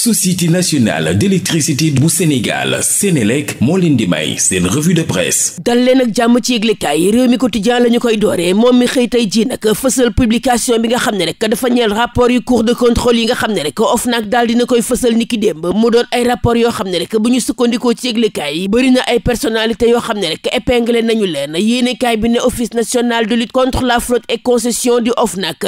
société nationale d'électricité bu Sénégal Sénélec moo leen di may seen revue de presse dal leen ak jàmm ci yëglekaay réew mi quotidien la ñu koy dooree moom mi xëy tey ji nag fësal publication bi nga xam ne rek dafa ñeel rapport yu cour de contrôle yi nga xam ne rek OFNAC daal dina koy fësal niki démb mu doon ay rapport yoo xam ne rek bu ñu sukkandikoo ci yëglekaay yi bëri na ay personnalité yoo xam ne rek épinglé nañu leen yéenekaay bi ne office national de lutte contre yoo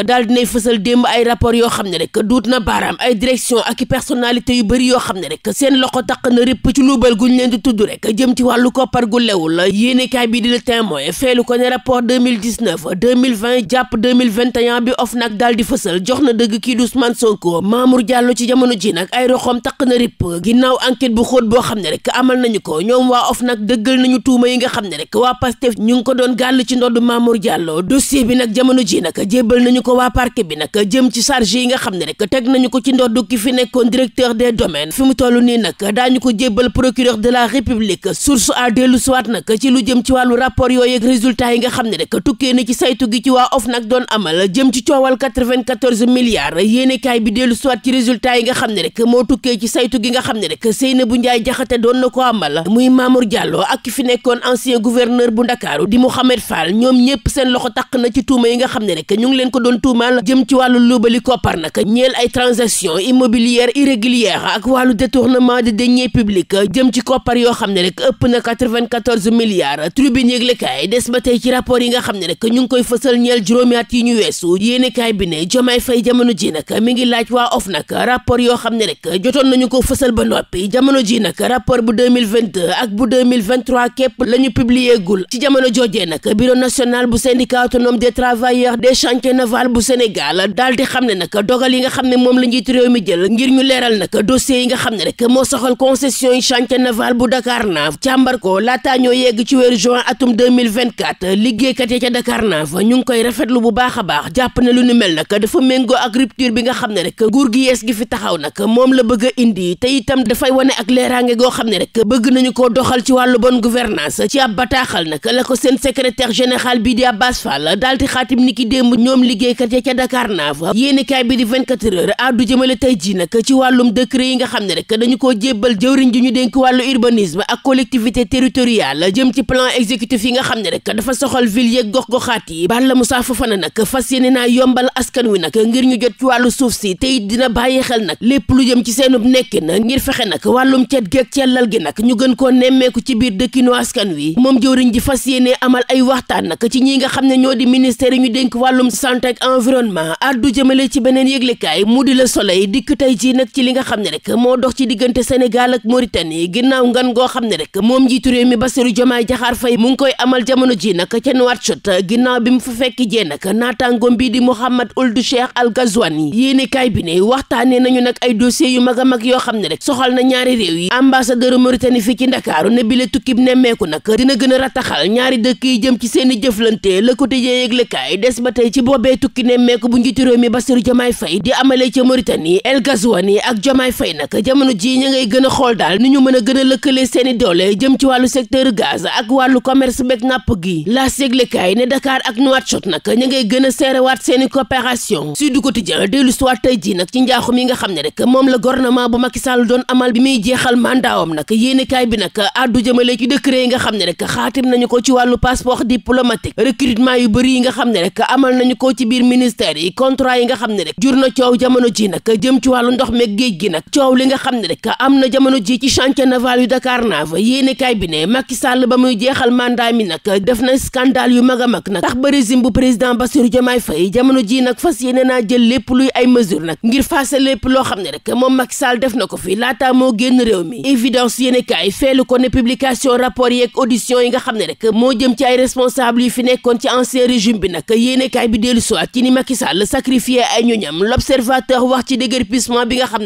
xam ne rek personnalité yu bëri yoo xam ne rek seen loxo taq na répp ci luubal guñ leen di tudd rek jëm ci wàllu koppar gu lewul yéenekaay bi di Le Témoin feelu ko ne rapport 2019 2020 jàpp 2021 bi OFNAC daal di fësal jox na dëgg kii di Ousmane Sonko Mamour Diallo ci jamono ji nag ay roxoom taq na répp ginnaaw enquête bu xóot boo xam ne rek amal nañu ko ñoom waa OFNAC dëggal nañu tuuma yi nga xam ne rek waa Pastef ngi ko doon gàll ci ndodd Mamour Diallo dossier bi nag jamono ko bi nag jëm ci yi nga xam ne inspecteur des domaines fi mu toll nii nag daañu ko jébbal procureur de la république source a dellu siwaat nag ci lu jëm ci wàllu rapport yooyu ak résultat yi nga xam ne rek tukkee na ci saytu gi ci waa nag doon amal jëm ci coowal 94 milliards yéenekaay bi dellu siwaat ci résultat yi nga xam ne rek moo tukkee ci saytu gi nga xam ne rek bu Ndiaye Jaxate doon na ko amal muy Mamour Diallo ak fi nekkoon ancien gouverneur bu Ndakaaru di mu Mouhamed Fall ñoom ñépp seen loxo taq na ci tuuma yi nga xam ne rek ñu ngi leen ko doon tuumal jëm ci wàllu luubali koppar nag ñeel ay transaction immobilière irrégulière irrégulière ak wàllu détournement de deniers publics jëm ci jotoon nañu ko fësal ba noppi jamono ji nag rapport bu ak bu 2023 képp publier gul ci jamono joojee nag bureau national bu Sénégal daal xam ne nag dogal yi nga xam ne moom la njiitu jël ngir ñu leeral amal nag dossier yi nga xam ne rek moo soxal concession yi chantier naval bu Dakarnave càmbar ko laataa ñoo yegg ci weeru juin atum liggéeykat ya ca Dakarnave ñu ngi koy rafetlu bu baax a baax jàpp ne lu nu mel nag dafa méngoo ak rupture bi nga xam ne rek nguur gi yees gi fi taxaw nag moom la bëgg a indi te itam dafay wane ak leeraange goo xam ne rek bëgg nañu ko doxal ci wàllu bonne gouvernance ci ab bataaxal nag la ko seen secrétaire général bii bi di 24 heures addu jëmale tey wàllum décret yi nga xam ne rek dañu koo jébbal jëwriñ ji ñu dénk wàllu urbanisme ak collectivité territoriale jëm ci plan exécutif yi nga xam ne rek dafa soxal ville yeeg gox-goxaat yi Balla Moussa Fofana nag fas yéene naa yombal askan wi nag ngir ñu jot ci wàllu suuf si te it dina bàyyi xel nag lépp lu jëm ci seenub nekkin ngir fexe nag wàllum cet geeg cellal gi nag ñu gën koo nemmeeku ci biir dëkkinu askan wi moom jëwriñ ji fas yéene amal ay waxtaan nag ci ñi nga xam ne ñoo di ministère yi ñu dénk wàllum santé ak environnement addu jëmale ci beneen yëglekaay mu di la soleil dikk tey ji nag ci li li nga xam ne rek moo dox ci diggante Sénégal ak Mauritanie ginnaaw ngan goo xam ne rek moom njiitu réew mi Bassirou Diomaye Diakhar Faye mu ngi koy amal jamono ji nag bi mu fa fekk jee nag naataangoom di Mouhamed bi ne waxtaanee nañu nag ay dossiers yu a mag yoo xam ne rek na ñaari réew yi ambassadeur Mauritanie fii ci Ndakaaru ne bile a rataxal ñaari dëkk yi jëm ci seeni jëflante Le Quotidien yëglekaay des ak Diomaye Faye nag jamono ji ña ngay gën a xool daal ni ñu mën a gën a lëkkalee seen doole jëm ci wàllu secteur gaz ak wàllu commerce beg napp gi la séglekaay ne Dakar ak Nouakchott nag ña ngay gën a seerewaat seen i coopération Sud Quotidien dellu si waat tey nag ci njaaxum yi nga xam ne rek moom la gouvernement bu Macky Sall doon amal bi muy jeexal mandaawam nag yéenekaay bi nag addu jëmale ci décret yi nga xam ne rek xaatim nañu ko ci wàllu passeport diplomatique recrutement yu bëri yi nga xam ne rek amal nañu ko ci biir ministère yi contrat yi nga xam ne rek jur na coow jamono ji nag jëm ci wàllu ndox meeg géej coow li nga xam ne rek am na jamono ji ci chantier naval yu Dakar Nav yéenekaay bi ne Macky Sall ba muy jeexal mandat mi nag def na scandale yu mag a mag nag tax ba régime bu président Bassirou Diomaye Faye jamono ji nag fas yéene naa jël lépp luy ay mesure nag ngir faase lépp loo xam ne rek moom Macky Sall def na ko fi laata moo génn réew mi évidence yéenekaay feelu ko ne publication rapport yeeg audition yi nga xam ne rek moo jëm ci ay responsable yu fi nekkoon ci ancien régime bi nag yéenekaay bi dellu siwaat ci ni Macky Sall sacrifié ay ñoñam l'observateur wax ci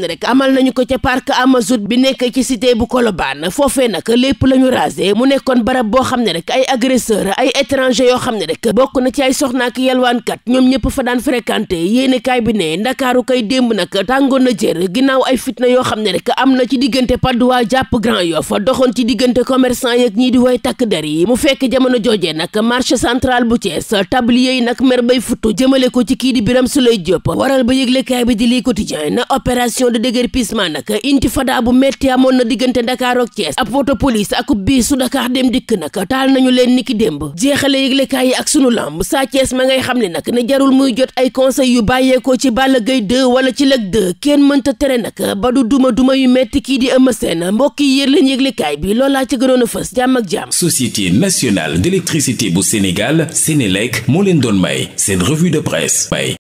rek amal nañu ko ca parc Amazone bi nekk ci cité bu Colobane foofee nag lépp la ñu mu nekkoon barab boo xam ne rek ay agresseur ay étranger yoo xam ne rek bokk na ci ay soxna ak yalwaankat ñoom ñëpp fa daan fréquenté yéene kaay bi ne ndakaaru kay démb nag tàngoon na jër ginnaaw ay fitna yoo xam ne rek am na ci diggante Padois jàpp Grand Yoff doxoon ci diggante commerçant yeeg ñii di way takk der yi mu fekk jamono joojee nag marché central bu Thiès tablier yi nag mer ko ci kii di Birame Souleye Diop waral de déguerpissement nag intifada bu metti amoon na diggante Dakar ak Thiès ab woto police ak bii su Dakar dem dikk nag taal nañu leen niki démb jeexale yëglekaay yi ak sunu lamb Sa Thiès ma ngay xam ne nag ne jarul muy jot ay conseil yu bàyyeekoo ci Balla Gaye 2 wala ci Lac 2 kenn mënta tere nag ba du duma duma yu metti kii di Eumeu Sène mbokk yi yër leen yëglekaay bi loolaa ci gënoon a fës jàmm ak jàmm. Société nationale d'électricité bu Sénégal Sénélec moo leen doon may seen revue de presse may